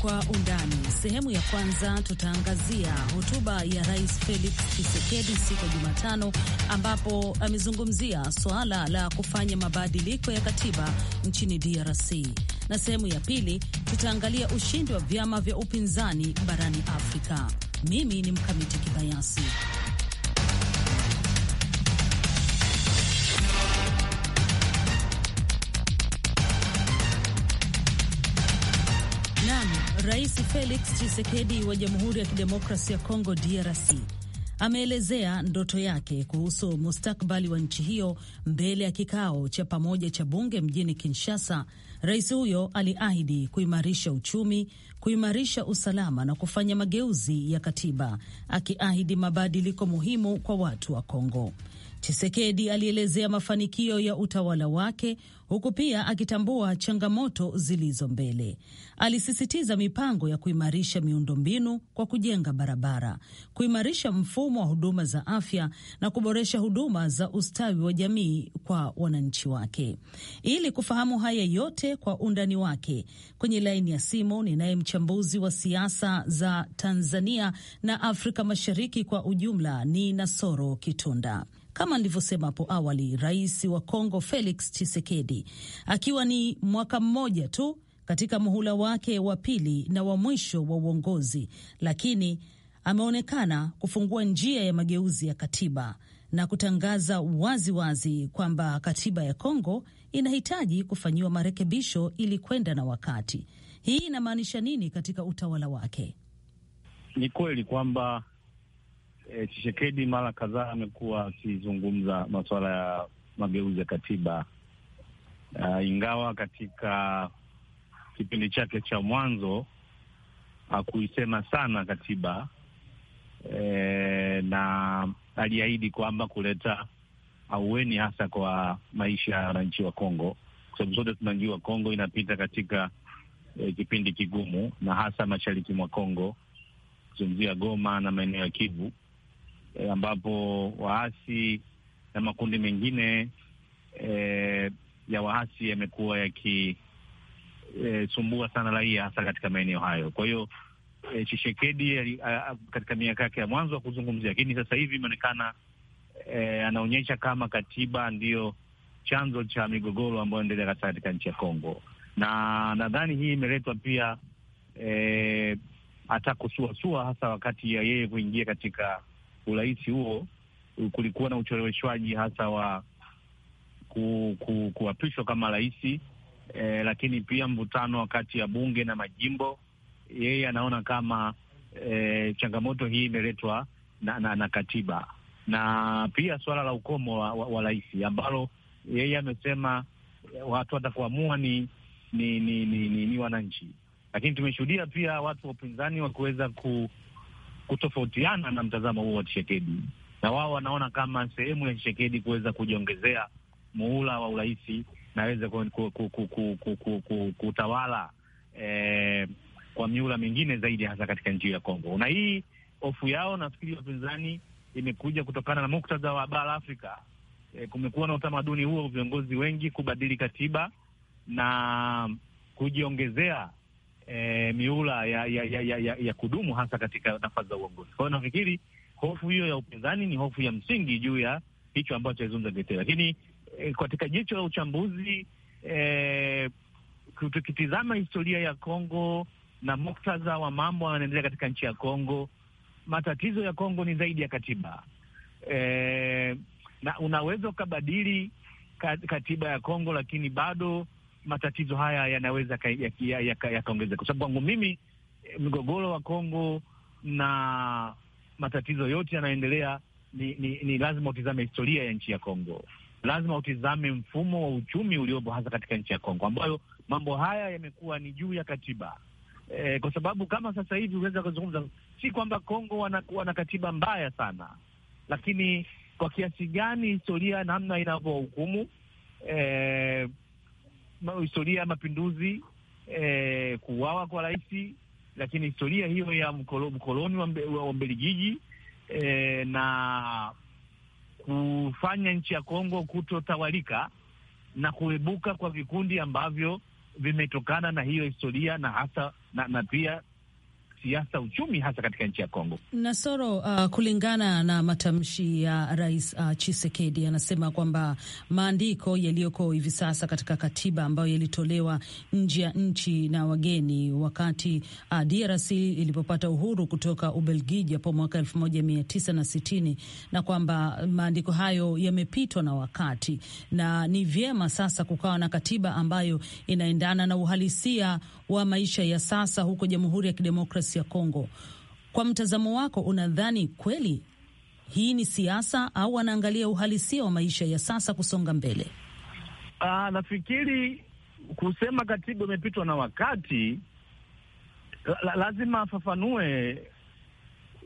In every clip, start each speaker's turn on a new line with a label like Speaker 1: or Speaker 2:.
Speaker 1: kwa undani. Sehemu ya kwanza tutaangazia hotuba ya Rais Felix Tshisekedi siku ya Jumatano, ambapo amezungumzia suala la kufanya mabadiliko ya katiba nchini DRC, na sehemu ya pili tutaangalia ushindi wa vyama vya upinzani barani Afrika. Mimi ni Mkamiti Kibayasi. Felix Tshisekedi wa Jamhuri ya Kidemokrasia ya Kongo DRC ameelezea ndoto yake kuhusu mustakbali wa nchi hiyo mbele ya kikao cha pamoja cha bunge mjini Kinshasa. Rais huyo aliahidi kuimarisha uchumi, kuimarisha usalama na kufanya mageuzi ya katiba, akiahidi mabadiliko muhimu kwa watu wa Kongo. Chisekedi alielezea mafanikio ya utawala wake huku pia akitambua changamoto zilizo mbele. Alisisitiza mipango ya kuimarisha miundombinu kwa kujenga barabara, kuimarisha mfumo wa huduma za afya na kuboresha huduma za ustawi wa jamii kwa wananchi wake. Ili kufahamu haya yote kwa undani wake, kwenye laini ya simu ninaye mchambuzi wa siasa za Tanzania na Afrika Mashariki kwa ujumla, ni Nasoro Kitunda. Kama nilivyosema hapo awali, rais wa Kongo Felix Tshisekedi akiwa ni mwaka mmoja tu katika muhula wake wa pili na wa mwisho wa uongozi, lakini ameonekana kufungua njia ya mageuzi ya katiba na kutangaza wazi wazi kwamba katiba ya Kongo inahitaji kufanyiwa marekebisho ili kwenda na wakati. Hii inamaanisha nini katika utawala wake?
Speaker 2: Ni kweli kwamba e, eh, Chishekedi mara kadhaa amekuwa akizungumza masuala ya mageuzi ya katiba uh, ingawa katika kipindi chake cha mwanzo hakuisema sana katiba e, na aliahidi kwamba kuleta aueni hasa kwa maisha ya wananchi wa Kongo, kwa sababu sote tunajua Kongo inapita katika e, kipindi kigumu, na hasa mashariki mwa Kongo, kuzungumzia Goma na maeneo ya Kivu e, ambapo waasi na makundi mengine e, ya waasi yamekuwa yakisumbua eh, e, sana raia hasa katika maeneo hayo. Kwa hiyo e, Chishekedi katika miaka yake ya mwanzo wa kuzungumzia, lakini sasa hivi imeonekana e, anaonyesha kama katiba ndiyo chanzo cha migogoro ambayo endelea katika nchi ya Kongo, na nadhani hii imeletwa pia hata e, kusuasua hasa wakati ya yeye kuingia katika urais huo kulikuwa na ucheleweshwaji hasa wa ku, ku, kuapishwa kama rais eh, lakini pia mvutano kati ya bunge na majimbo. Yeye anaona kama eh, changamoto hii imeletwa na, na, na katiba na pia suala la ukomo wa, wa, wa rais ambalo yeye amesema eh, watu watakuamua ni ni, ni, ni, ni, ni wananchi, lakini tumeshuhudia pia watu wa upinzani wakiweza ku kutofautiana na mtazamo huo wa Tshisekedi, na wao wanaona kama sehemu ya Tshisekedi kuweza kujiongezea muhula wa urais na aweze kutawala eh, kwa miula mingine zaidi, hasa katika nchi ya Kongo. Na hii hofu yao nafikiri wapinzani imekuja kutokana na muktadha wa bara Afrika. E, kumekuwa na utamaduni huo viongozi wengi kubadili katiba na kujiongezea e, miula ya ya, ya, ya ya kudumu hasa katika nafasi za uongozi. Kwa hiyo nafikiri hofu hiyo ya upinzani ni hofu ya msingi juu ya hicho ambacho alizungumza Gete, lakini e, katika jicho la uchambuzi e, tukitizama historia ya Kongo na muktadha wa mambo yanaendelea katika nchi ya Kongo, matatizo ya Kongo ni zaidi ya katiba e, na unaweza ukabadili katiba ya Kongo lakini bado matatizo haya yanaweza yakaongezeka kwa sababu kwangu mimi eh, mgogoro wa Kongo na matatizo yote yanayoendelea ni, ni, ni lazima utizame historia ya nchi ya Kongo, lazima utizame mfumo wa uchumi uliopo hasa katika nchi ya Kongo ambayo mambo haya yamekuwa ni juu ya katiba e, kwa sababu kama sasa hivi unaweza kuzungumza, si kwamba Kongo wana, wana katiba mbaya sana, lakini kwa kiasi gani historia namna inavyohukumu e, historia ya mapinduzi eh, kuuawa kwa rais, lakini historia hiyo ya mkoloni wa, wa Mbeligiji eh, na kufanya nchi ya Kongo kutotawalika na kuibuka kwa vikundi ambavyo vimetokana na hiyo historia na hasa na, na pia siasa, uchumi, hasa katika nchi ya Kongo.
Speaker 1: Nasoro, uh, kulingana na matamshi ya Rais uh, Chisekedi, anasema kwamba maandiko yaliyoko hivi sasa katika katiba ambayo yalitolewa nje ya nchi na wageni wakati uh, DRC ilipopata uhuru kutoka Ubelgiji hapo mwaka elfu moja mia tisa na sitini na kwamba maandiko hayo yamepitwa na wakati na ni vyema sasa kukawa na katiba ambayo inaendana na uhalisia wa maisha ya sasa huko Jamhuri ya Kidemokrasia kidemokrasi ya Kongo. Kwa mtazamo wako, unadhani kweli hii ni siasa au wanaangalia uhalisia wa maisha ya sasa kusonga mbele?
Speaker 2: Aa, ah, nafikiri kusema katiba imepitwa na wakati la, lazima afafanue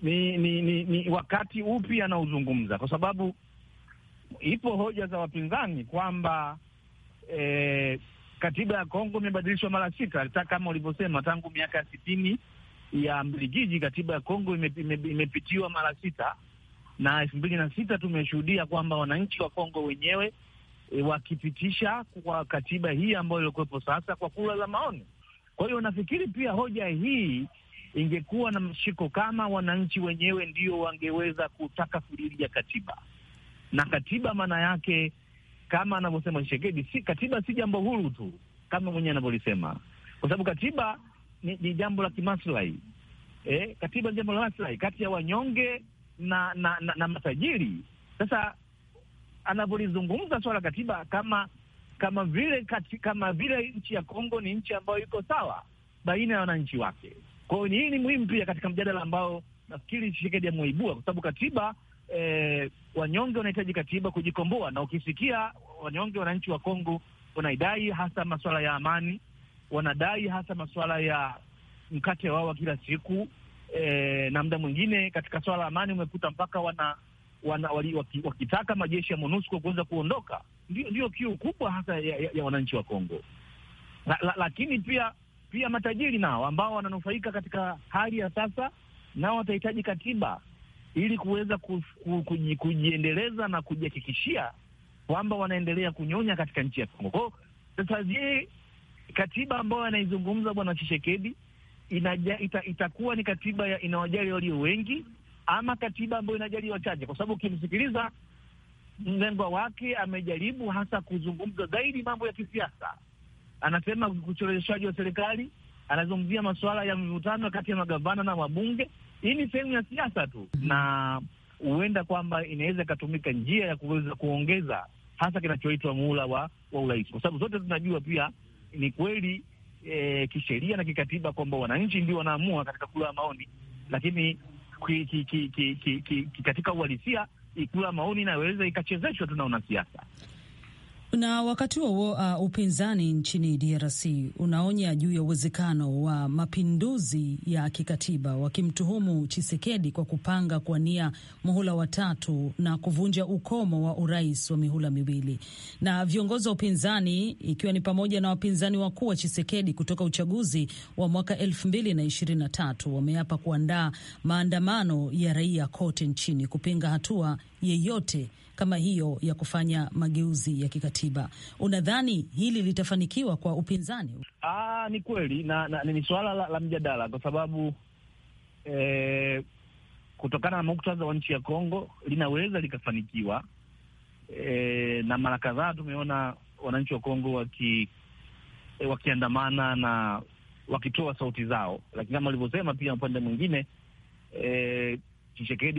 Speaker 2: ni, ni, ni, ni wakati upi anaozungumza, kwa sababu ipo hoja za wapinzani kwamba e, katiba ya Kongo imebadilishwa mara sita, hata kama ulivyosema, tangu miaka ya sitini ya Mligiji, katiba ya Kongo imepitiwa mara sita, na elfu mbili na sita tumeshuhudia kwamba wananchi wa Kongo wenyewe e, wakipitisha kwa katiba hii ambayo ilikuwepo sasa kwa kura za maoni. Kwa hiyo nafikiri pia hoja hii ingekuwa na mshiko kama wananchi wenyewe ndio wangeweza kutaka ya katiba, na katiba maana yake kama anavyosema Shekedi, si katiba si jambo huru tu kama mwenyewe anavyolisema, kwa sababu katiba ni, ni jambo la kimaslahi eh, katiba ni jambo la maslahi kati ya wanyonge na na, na, na matajiri. Sasa anavyolizungumza swala katiba kama kama vile kati, kama vile nchi ya Kongo ni nchi ambayo iko sawa baina ya wananchi wake. Kwa hiyo hii ni muhimu pia katika mjadala ambao nafikiri Tshisekedi ameibua, kwa sababu katiba eh, wanyonge wanahitaji katiba kujikomboa, na ukisikia wanyonge wananchi wa Kongo wanaidai hasa masuala ya amani wanadai hasa masuala ya mkate wao wa kila siku e, na muda mwingine katika swala la amani umekuta mpaka wana, wana wali, waki, wakitaka majeshi ya MONUSCO kuweza kuondoka. ndio ndiyo kiu kubwa hasa ya, ya, ya wananchi wa Kongo la, la, lakini pia pia matajiri nao ambao wananufaika katika hali ya sasa, nao watahitaji katiba ili kuweza kujiendeleza na kujihakikishia kwamba wanaendelea kunyonya katika nchi ya Kongo. Kwao sasa je, katiba ambayo anaizungumza bwana Chishekedi inaja, ita, itakuwa ni katiba ya inawajali walio wengi ama katiba ambayo inajali wachache? Kwa sababu ukimsikiliza mlengwa wake amejaribu hasa kuzungumza zaidi mambo ya kisiasa, anasema ucheleweshaji wa serikali, anazungumzia masuala ya mivutano kati ya magavana na wabunge. Hii ni sehemu ya siasa tu, na huenda kwamba inaweza ikatumika njia ya kuweza kuongeza hasa kinachoitwa muhula wa, wa urais, kwa sababu zote tunajua pia ni kweli e, kisheria na kikatiba kwamba wananchi ndio wanaamua katika kura ya maoni, lakini ki, ki, ki, ki, ki, ki, katika uhalisia kura ya maoni inaweza ikachezeshwa tu na wanasiasa.
Speaker 1: Na wakati huo uh, upinzani nchini DRC unaonya juu ya uwezekano wa mapinduzi ya kikatiba wakimtuhumu Chisekedi kwa kupanga kwa nia muhula watatu na kuvunja ukomo wa urais wa mihula miwili. Na viongozi wa upinzani ikiwa ni pamoja na wapinzani wakuu wa Chisekedi kutoka uchaguzi wa mwaka elfu mbili na ishirini na tatu wameapa kuandaa maandamano ya raia kote nchini kupinga hatua yeyote kama hiyo ya kufanya mageuzi ya kikatiba. Unadhani hili litafanikiwa kwa upinzani?
Speaker 2: Aa, ah, ni kweli na, na ni suala la, la mjadala kwa sababu eh, kutokana na muktadha wa nchi ya Kongo linaweza likafanikiwa. Eh, na mara kadhaa tumeona wananchi wa Kongo waki eh, wakiandamana na wakitoa sauti zao, lakini kama alivyosema pia upande mwingine eh,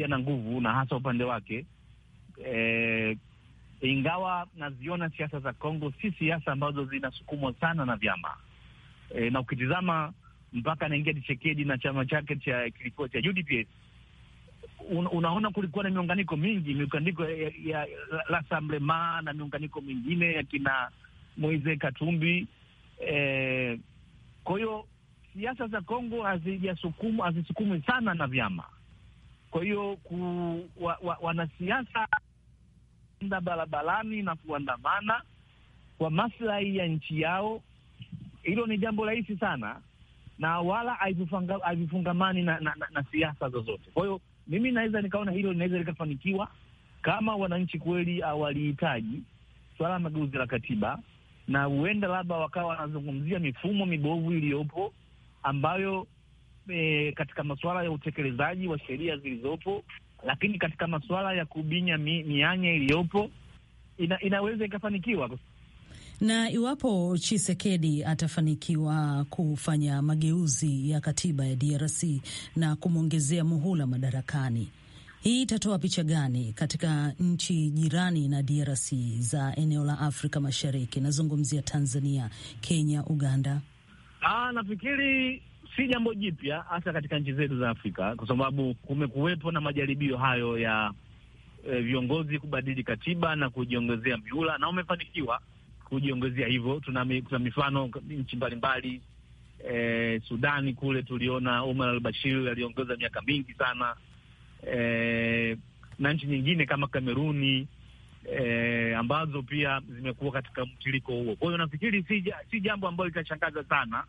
Speaker 2: ana nguvu na hasa upande wake eh, ingawa naziona siasa za Kongo si siasa ambazo zinasukumwa sana na vyama eh, na ukitizama mpaka anaingia Tshisekedi na chama chake cha kilikuwa cha UDPS un, unaona kulikuwa na miunganiko mingi, miunganiko ya, ya Rassemblement na miunganiko mingine ya kina Moise Katumbi eh, kwa hiyo siasa za Kongo hazijasukumu hazisukumwi sana na vyama. Kwa hiyo wanasiasa wa, kwenda barabarani na kuandamana kwa maslahi ya nchi yao. Hilo ni jambo rahisi sana na wala haivifungamani na, na, na, na siasa zozote. Kwa hiyo mimi naweza nikaona hilo linaweza likafanikiwa kama wananchi kweli hawalihitaji swala la mageuzi la katiba, na huenda labda wakawa wanazungumzia mifumo mibovu iliyopo ambayo e, katika masuala ya utekelezaji wa sheria zilizopo lakini katika masuala ya kubinya mi, mianya iliyopo ina, inaweza ikafanikiwa
Speaker 1: na iwapo Chisekedi atafanikiwa kufanya mageuzi ya katiba ya DRC na kumwongezea muhula madarakani, hii itatoa picha gani katika nchi jirani na DRC za eneo la Afrika Mashariki? Nazungumzia Tanzania, Kenya, Uganda.
Speaker 2: Aa, nafikiri si jambo jipya, hasa katika nchi zetu za Afrika, kwa sababu kumekuwepo na majaribio hayo ya e, viongozi kubadili katiba na kujiongezea miula na umefanikiwa kujiongezea hivyo. Tuna mifano nchi mbalimbali e, Sudani kule tuliona Omar al-Bashir aliongeza miaka mingi sana e, na nchi nyingine kama Kameruni e, ambazo pia zimekuwa katika mtiriko huo. Kwa hiyo nafikiri si, si jambo ambalo litashangaza sana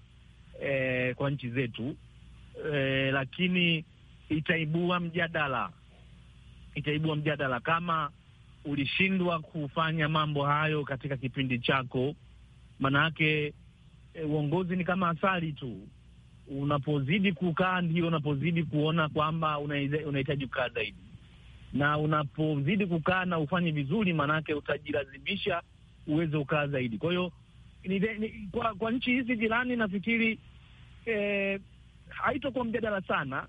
Speaker 2: e, kwa nchi zetu e, lakini itaibua mjadala, itaibua mjadala kama ulishindwa kufanya mambo hayo katika kipindi chako. Manake e, uongozi ni kama asali tu, unapozidi kukaa ndio unapozidi kuona kwamba unahitaji kukaa zaidi, na unapozidi kukaa na ufanye vizuri, maanake utajilazimisha uweze ukaa zaidi. Kwa hiyo ni, ni, kwa, kwa nchi hizi jirani nafikiri eh, haitokuwa mjadala sana,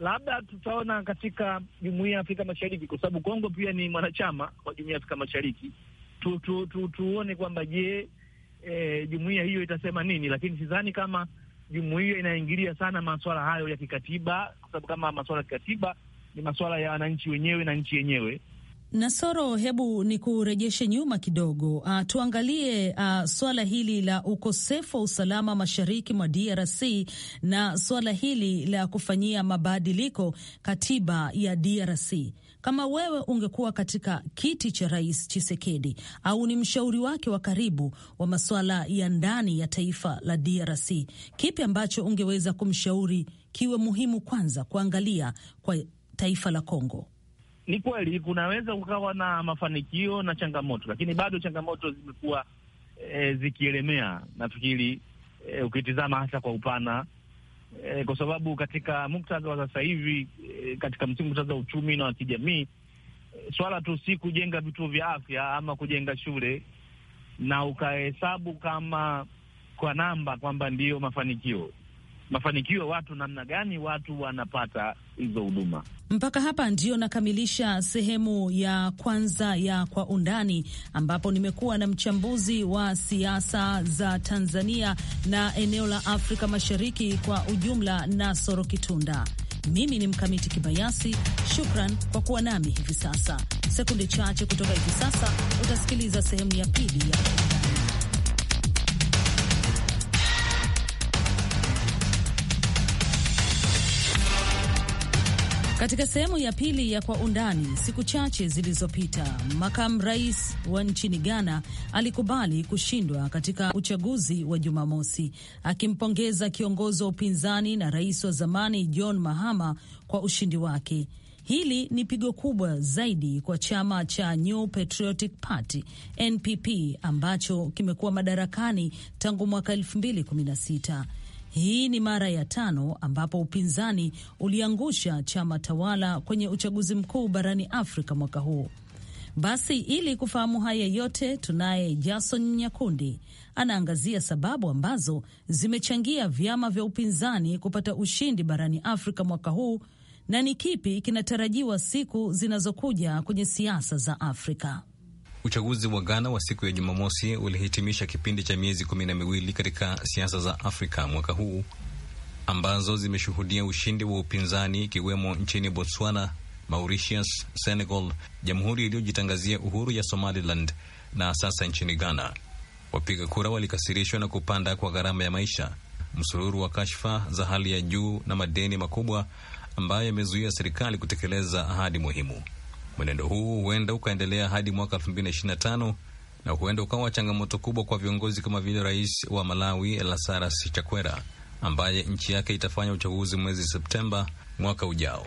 Speaker 2: labda tutaona katika jumuiya ya Afrika Mashariki kwa sababu Kongo pia ni mwanachama wa jumuiya ya Afrika Mashariki tu, tu, tu, tuone kwamba je, eh, jumuiya hiyo itasema nini, lakini sidhani kama jumuiya inaingilia sana maswala hayo ya kikatiba, kwa sababu kama maswala ya kikatiba ni maswala ya wananchi wenyewe na nchi yenyewe
Speaker 1: Nasoro, hebu ni kurejeshe nyuma kidogo, uh, tuangalie uh, swala hili la ukosefu wa usalama mashariki mwa DRC na swala hili la kufanyia mabadiliko katiba ya DRC. Kama wewe ungekuwa katika kiti cha Rais Chisekedi au ni mshauri wake wa karibu wa masuala ya ndani ya taifa la DRC, kipi ambacho ungeweza kumshauri kiwe muhimu kwanza kuangalia kwa taifa la Kongo?
Speaker 2: ni kweli kunaweza kukawa na mafanikio na changamoto, lakini bado changamoto zimekuwa e, zikielemea nafikiri e, ukitizama hasa kwa upana e, kwa sababu katika muktadha wa sasa hivi e, katika muktadha wa uchumi na wa kijamii e, swala tu si kujenga vituo vya afya ama kujenga shule na ukahesabu kama kwa namba kwamba ndiyo mafanikio mafanikio watu namna gani watu wanapata hizo huduma.
Speaker 1: Mpaka hapa ndio nakamilisha sehemu ya kwanza ya Kwa Undani, ambapo nimekuwa na mchambuzi wa siasa za Tanzania na eneo la Afrika Mashariki kwa ujumla, Nasoro Kitunda. Mimi ni Mkamiti Kibayasi, shukran kwa kuwa nami hivi sasa. Sekunde chache kutoka hivi sasa utasikiliza sehemu ya pili ya Kwa Undani. Katika sehemu ya pili ya Kwa Undani, siku chache zilizopita, makamu rais wa nchini Ghana alikubali kushindwa katika uchaguzi wa Jumamosi, akimpongeza kiongozi wa upinzani na rais wa zamani John Mahama kwa ushindi wake. Hili ni pigo kubwa zaidi kwa chama cha New Patriotic Party NPP ambacho kimekuwa madarakani tangu mwaka 2016. Hii ni mara ya tano ambapo upinzani uliangusha chama tawala kwenye uchaguzi mkuu barani Afrika mwaka huu. Basi ili kufahamu haya yote, tunaye Jason Nyakundi anaangazia sababu ambazo zimechangia vyama vya upinzani kupata ushindi barani Afrika mwaka huu na ni kipi kinatarajiwa siku zinazokuja kwenye siasa za Afrika.
Speaker 3: Uchaguzi wa Ghana wa siku ya Jumamosi ulihitimisha kipindi cha miezi kumi na miwili katika siasa za Afrika mwaka huu ambazo zimeshuhudia ushindi wa upinzani ikiwemo nchini Botswana, Mauritius, Senegal, jamhuri iliyojitangazia uhuru ya Somaliland na sasa nchini Ghana. Wapiga kura walikasirishwa na kupanda kwa gharama ya maisha, msururu wa kashfa za hali ya juu na madeni makubwa ambayo yamezuia serikali kutekeleza ahadi muhimu. Mwenendo huu huenda ukaendelea hadi mwaka 2025 na huenda ukawa changamoto kubwa kwa viongozi kama vile rais wa Malawi Lazarus Chakwera ambaye nchi yake itafanya uchaguzi mwezi Septemba mwaka ujao.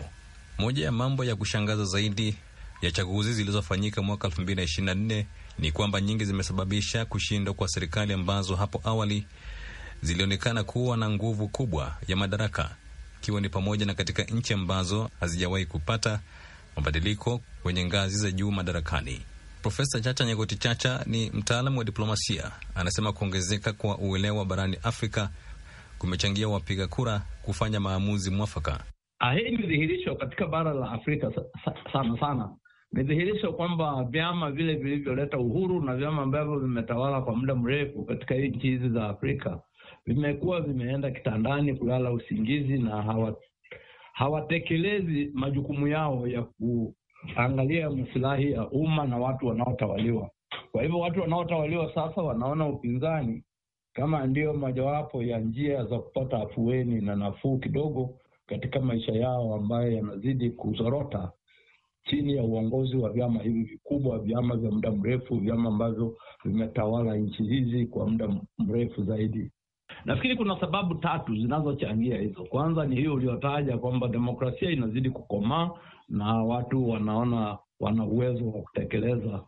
Speaker 3: Moja ya mambo ya kushangaza zaidi ya chaguzi zilizofanyika mwaka 2024 ni kwamba nyingi zimesababisha kushindwa kwa serikali ambazo hapo awali zilionekana kuwa na nguvu kubwa ya madaraka, ikiwa ni pamoja na katika nchi ambazo hazijawahi kupata mabadiliko kwenye ngazi za juu madarakani. Profesa Chacha Nyegoti Chacha ni mtaalamu wa diplomasia, anasema kuongezeka kwa uelewa barani Afrika kumechangia wapiga kura kufanya maamuzi mwafaka. Ah, hii ni dhihirisho
Speaker 4: katika bara la Afrika sana sana, ni dhihirisho kwamba vyama vile vilivyoleta uhuru na vyama ambavyo vimetawala kwa muda mrefu katika nchi hizi za Afrika vimekuwa vimeenda kitandani kulala usingizi na hawa, hawatekelezi majukumu yao ya kuangalia masilahi ya umma na watu wanaotawaliwa. Kwa hivyo watu wanaotawaliwa sasa wanaona upinzani kama ndiyo mojawapo ya njia za kupata afueni na nafuu kidogo katika maisha yao ambayo yanazidi kuzorota chini ya uongozi wa vyama hivi vikubwa, vyama vya muda mrefu, vyama ambavyo vimetawala nchi hizi kwa muda mrefu zaidi. Nafikiri kuna sababu tatu zinazochangia hizo. Kwanza ni hiyo uliotaja kwamba demokrasia inazidi kukomaa na watu wanaona wana uwezo wa kutekeleza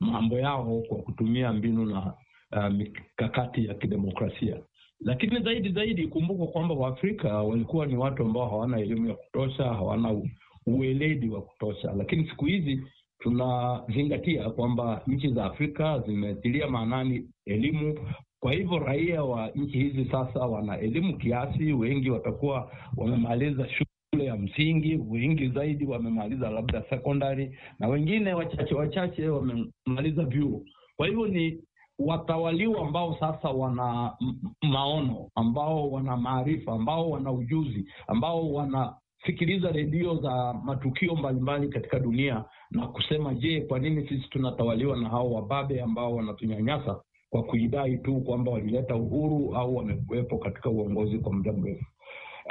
Speaker 4: mambo yao kwa kutumia mbinu na uh, mikakati ya kidemokrasia. Lakini zaidi zaidi, ikumbukwa kwamba Waafrika walikuwa ni watu ambao hawana elimu ya kutosha, hawana ueledi wa kutosha, lakini siku hizi tunazingatia kwamba nchi za Afrika zimetilia maanani elimu, kwa hivyo raia wa nchi hizi sasa wana elimu kiasi, wengi watakuwa wamemaliza shule ya msingi, wengi zaidi wamemaliza labda sekondari, na wengine wachache wachache wamemaliza vyuo. Kwa hivyo ni watawaliwa ambao sasa wana maono, ambao wana maarifa, ambao wana ujuzi, ambao wanasikiliza redio za matukio mbalimbali katika dunia na kusema, je, kwa nini sisi tunatawaliwa na hao wababe ambao wanatunyanyasa kwa kuidai tu kwamba walileta uhuru au wamekuwepo katika uongozi kwa muda mrefu.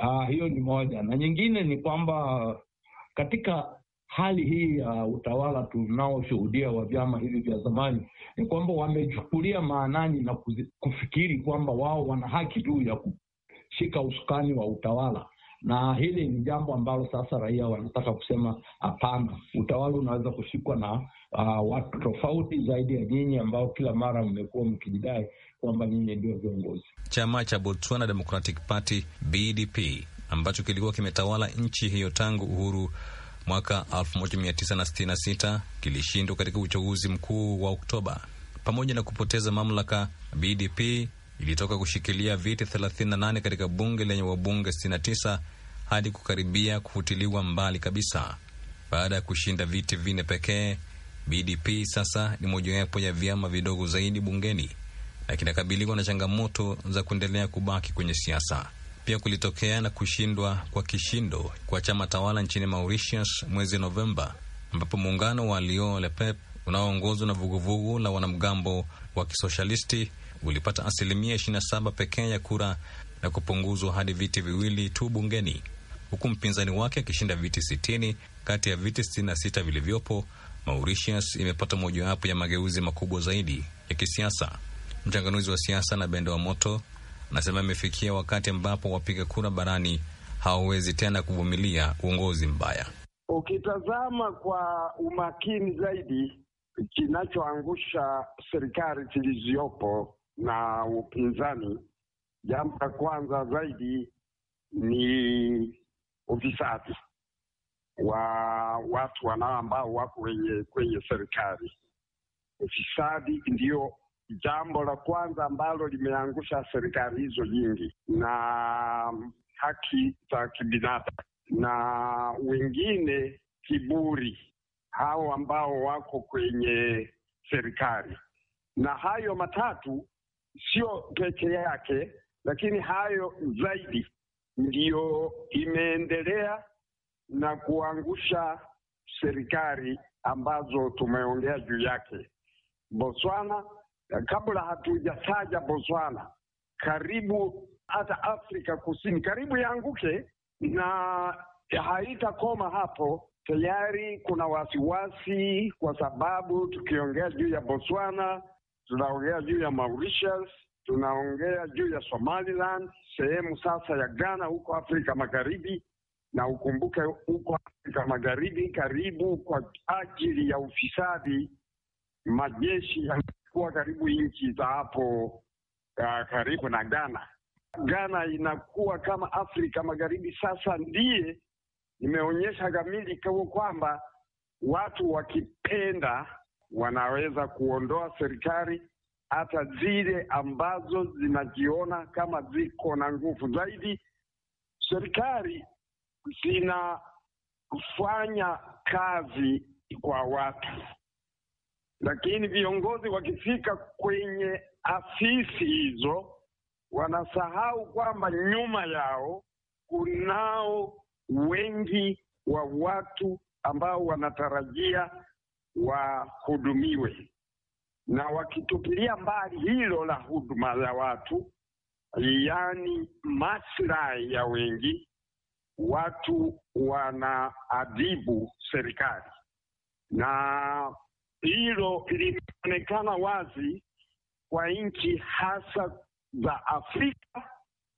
Speaker 4: Uh, hiyo ni moja, na nyingine ni kwamba katika hali hii ya uh, utawala tunaoshuhudia wa vyama hivi vya zamani ni kwamba wamechukulia maanani na kuzi, kufikiri kwamba wao wana haki tu ya kushika usukani wa utawala, na hili ni jambo ambalo sasa raia wanataka kusema hapana, utawala unaweza kushikwa na uh, watu tofauti zaidi ya nyinyi ambao kila mara mmekuwa mkijidai kwamba nyinyi ndio viongozi.
Speaker 3: Chama cha Botswana Democratic Party BDP ambacho kilikuwa kimetawala nchi hiyo tangu uhuru mwaka 1966 kilishindwa katika uchaguzi mkuu wa Oktoba. Pamoja na kupoteza mamlaka, BDP ilitoka kushikilia viti 38 katika bunge lenye wabunge 69 hadi kukaribia kufutiliwa mbali kabisa baada ya kushinda viti vinne pekee BDP sasa ni mojawapo ya vyama vidogo zaidi bungeni na kinakabiliwa na changamoto za kuendelea kubaki kwenye siasa. Pia kulitokea na kushindwa kwa kishindo kwa chama tawala nchini Mauritius mwezi Novemba, ambapo muungano wa Lion Le Peuple unaoongozwa na vuguvugu la wanamgambo wa kisoshalisti ulipata asilimia 27 pekee ya kura na kupunguzwa hadi viti viwili tu bungeni, huku mpinzani wake akishinda viti 60 kati ya viti 66 vilivyopo Mauritius imepata mojawapo ya mageuzi makubwa zaidi ya kisiasa. Mchanganuzi wa siasa na Bende wa Moto anasema imefikia wakati ambapo wapiga kura barani hawawezi tena kuvumilia uongozi mbaya.
Speaker 5: Ukitazama kwa umakini zaidi, kinachoangusha serikali zilizopo na upinzani, jambo la kwanza zaidi ni ufisadi wa watu wanao ambao wako kwenye kwenye serikali. Ufisadi ndio jambo la kwanza ambalo limeangusha serikali hizo nyingi, na haki za kibinadamu, na wengine kiburi, hao ambao wako kwenye serikali. Na hayo matatu sio peke yake, lakini hayo zaidi ndiyo imeendelea na kuangusha serikali ambazo tumeongea juu yake. Botswana, kabla hatujataja Botswana, karibu hata Afrika Kusini karibu yaanguke na haitakoma hapo. Tayari kuna wasiwasi, kwa sababu tukiongea juu ya Botswana tunaongea juu ya Mauritius, tunaongea juu ya Somaliland, sehemu sasa ya Ghana huko Afrika Magharibi na ukumbuke huko Afrika Magharibi karibu kwa ajili ya ufisadi, majeshi yanakuwa karibu nchi za hapo uh, karibu na Ghana. Ghana inakuwa kama Afrika Magharibi sasa ndiye imeonyesha kamili kwa kwamba watu wakipenda wanaweza kuondoa serikali hata zile ambazo zinajiona kama ziko na nguvu zaidi. Serikali zinafanya kazi kwa watu, lakini viongozi wakifika kwenye afisi hizo wanasahau kwamba nyuma yao kunao wengi wa watu ambao wanatarajia wahudumiwe, na wakitupilia mbali hilo la huduma za watu, yaani maslahi ya wengi, watu wanaadhibu serikali, na hilo linaonekana wazi kwa nchi hasa za Afrika.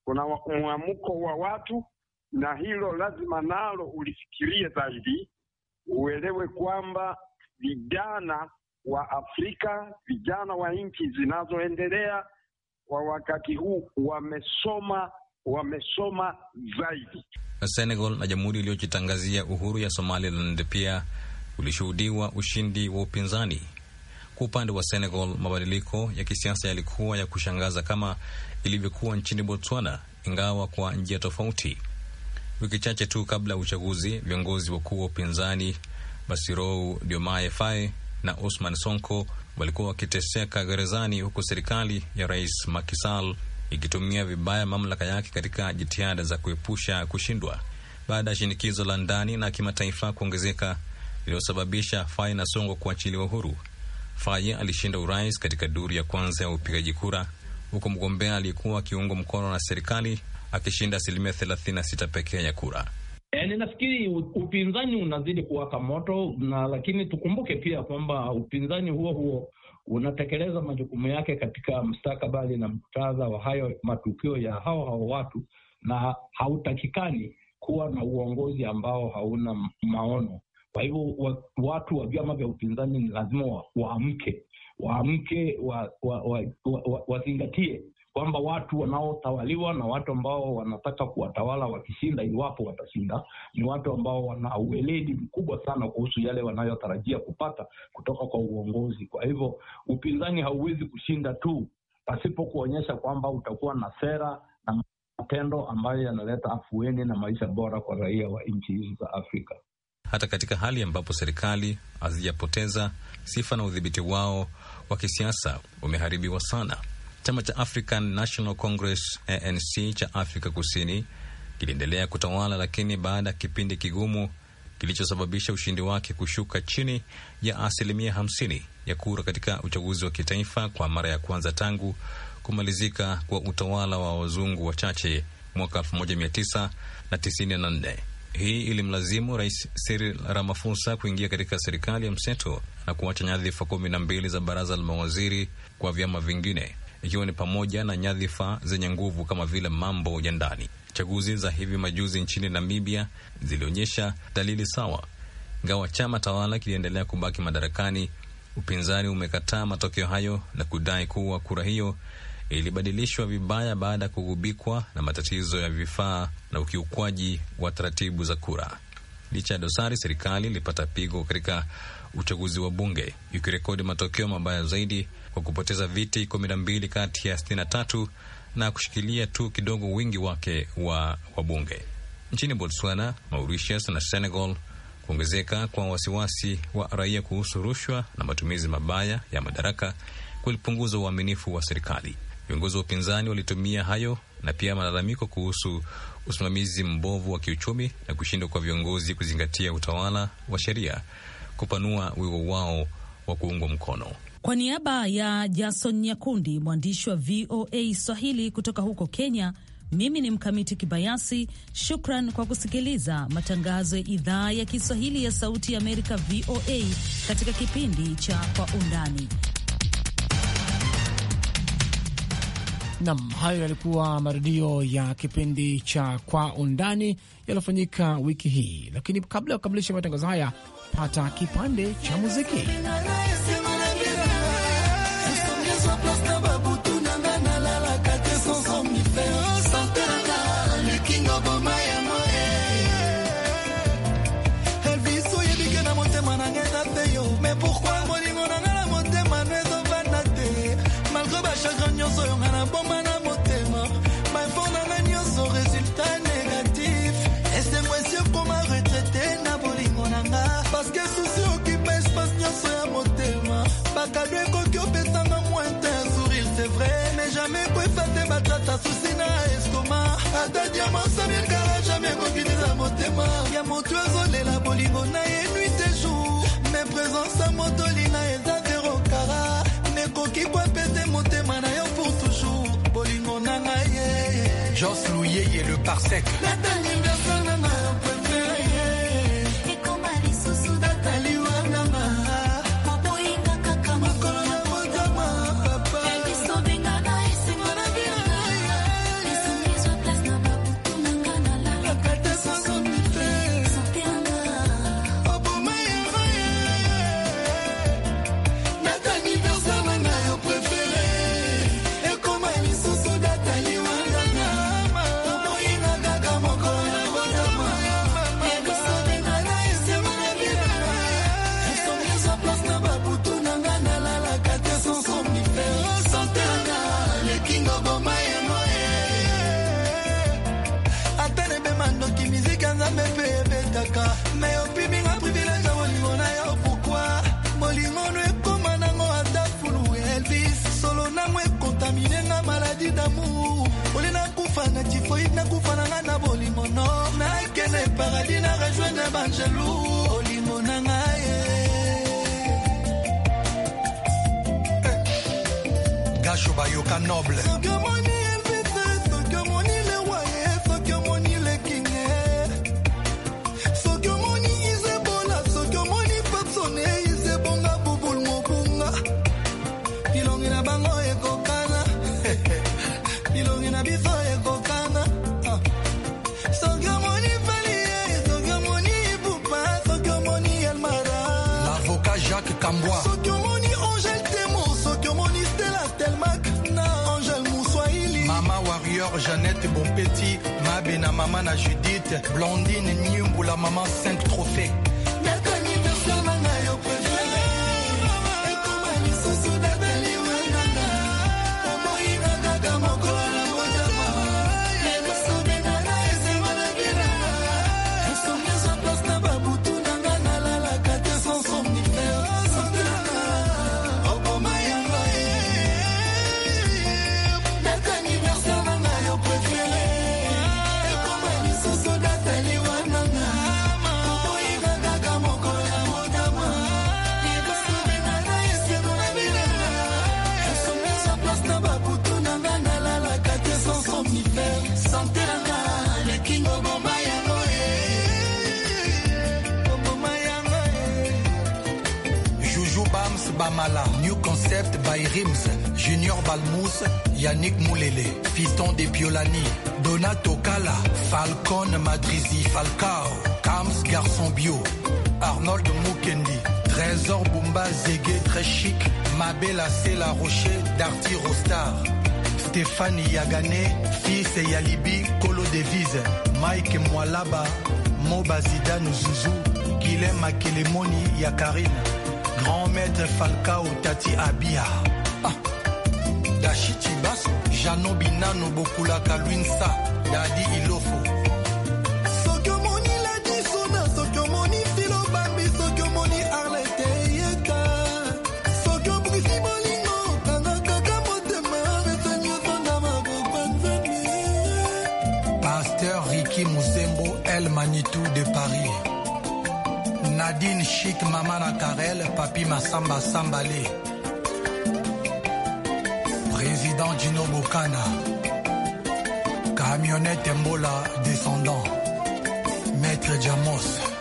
Speaker 5: Kuna mwamko wa watu, na hilo lazima nalo ulifikirie zaidi, uelewe kwamba vijana wa Afrika, vijana wa nchi zinazoendelea kwa wakati huu wamesoma, wamesoma zaidi
Speaker 3: na Senegal na jamhuri iliyojitangazia uhuru ya Somaliland pia ulishuhudiwa ushindi wa upinzani. Kwa upande wa Senegal, mabadiliko ya kisiasa yalikuwa ya kushangaza kama ilivyokuwa nchini Botswana, ingawa kwa njia tofauti. Wiki chache tu kabla ya uchaguzi, viongozi wakuu wa upinzani Bassirou Diomaye Faye na Ousmane Sonko walikuwa wakiteseka gerezani, huku serikali ya Rais Macky Sall ikitumia vibaya mamlaka yake katika jitihada za kuepusha kushindwa baada ya shinikizo la ndani na kimataifa kuongezeka lililosababisha Faye Songo kuachiliwa huru. Faye alishinda urais katika duru ya kwanza ya upigaji kura, huku mgombea aliyekuwa akiungwa mkono na serikali akishinda asilimia thelathini na sita pekee ya kura.
Speaker 4: Yaani, eh, nafikiri upinzani unazidi kuwaka moto na, lakini tukumbuke pia kwamba upinzani huo huo unatekeleza majukumu yake katika mstakabali na muktadha wa hayo matukio ya hao hao watu, na hautakikani kuwa na uongozi ambao hauna maono. Kwa hivyo watu wa vyama vya upinzani ni lazima waamke, waamke, wazingatie wa, wa, wa, wa, wa kwamba watu wanaotawaliwa na watu ambao wanataka kuwatawala wakishinda, iwapo watashinda, ni watu ambao wana ueledi mkubwa sana kuhusu yale wanayotarajia kupata kutoka kwa uongozi. Kwa hivyo upinzani hauwezi kushinda tu pasipo kuonyesha kwamba utakuwa na sera na matendo ambayo yanaleta afueni na maisha bora kwa raia wa nchi
Speaker 3: hizi za Afrika. Hata katika hali ambapo serikali hazijapoteza sifa na udhibiti wao wa kisiasa umeharibiwa sana Chama cha African National Congress ANC cha Afrika Kusini kiliendelea kutawala, lakini baada ya kipindi kigumu kilichosababisha ushindi wake kushuka chini ya asilimia hamsini ya kura katika uchaguzi wa kitaifa kwa mara ya kwanza tangu kumalizika kwa utawala wa wazungu wachache mwaka 1994. Hii ilimlazimu Rais Cyril Ramaphosa kuingia katika serikali ya mseto na kuacha nyadhifa kumi na mbili za baraza la mawaziri kwa vyama vingine ikiwa ni pamoja na nyadhifa zenye nguvu kama vile mambo ya ndani. Chaguzi za hivi majuzi nchini Namibia zilionyesha dalili sawa. Ingawa chama tawala kiliendelea kubaki madarakani, upinzani umekataa matokeo hayo na kudai kuwa kura hiyo ilibadilishwa vibaya baada ya kugubikwa na matatizo ya vifaa na ukiukwaji wa taratibu za kura. Licha ya dosari, serikali ilipata pigo katika uchaguzi wa bunge ikirekodi matokeo mabaya zaidi kwa kupoteza viti kumi na mbili kati ya sitini na tatu na kushikilia tu kidogo wingi wake wa wabunge. Nchini Botswana, Mauritius na Senegal, kuongezeka kwa wasiwasi wa raia kuhusu rushwa na matumizi mabaya ya madaraka kulipunguza uaminifu wa serikali. Viongozi wa upinzani walitumia hayo na pia malalamiko kuhusu usimamizi mbovu wa kiuchumi na kushindwa kwa viongozi kuzingatia utawala wa sheria kupanua wigo wao wa kuungwa mkono.
Speaker 1: Kwa niaba ya Jason Nyakundi, mwandishi wa VOA Swahili kutoka huko Kenya, mimi ni Mkamiti Kibayasi. Shukran kwa kusikiliza matangazo ya idhaa ya Kiswahili ya Sauti ya Amerika, VOA, katika kipindi cha Kwa Undani.
Speaker 2: Nam, hayo yalikuwa marudio ya kipindi cha Kwa Undani yaliyofanyika wiki hii, lakini kabla ya kukamilisha matangazo haya, pata kipande cha muziki.
Speaker 6: ata diama samuel karajame akokitisa motema ya moto azolela bolingo na ye nuit et jour me présence ya motolinga eza zero kara nekoki kwapete motema na yo pour toujours bolingo na ngai ye jos le parsec
Speaker 7: Jeannette, bon petit, Mabine maman, à Judith, Blondine, la maman,
Speaker 6: 5 trophées,
Speaker 7: by Junior Balmous, Yannick Moulele, Fiston de Piolani, Donato Kala, Falcon Madrizi Falcao, Kams Garçon Bio, Arnold Mukendi, Trésor Bumba Zegué très chic, Mabel la Rocher, Darty Rostar, Stéphane Yagané, Fils et Yalibi, Colo Devise, Mike Mwalaba, Mobazida zouzou, Guilhem Moni, Yakarine. Mohamed Falcao Tati Abia ah. Dashi Chibas Jano Binano Bokula Kalwinsa Dadi Ilofo Nadine Chic, maman Karel, Papi Massamba Sambalé. Président du Bokana. Camionnette Mbola, descendant. Maître Jamos.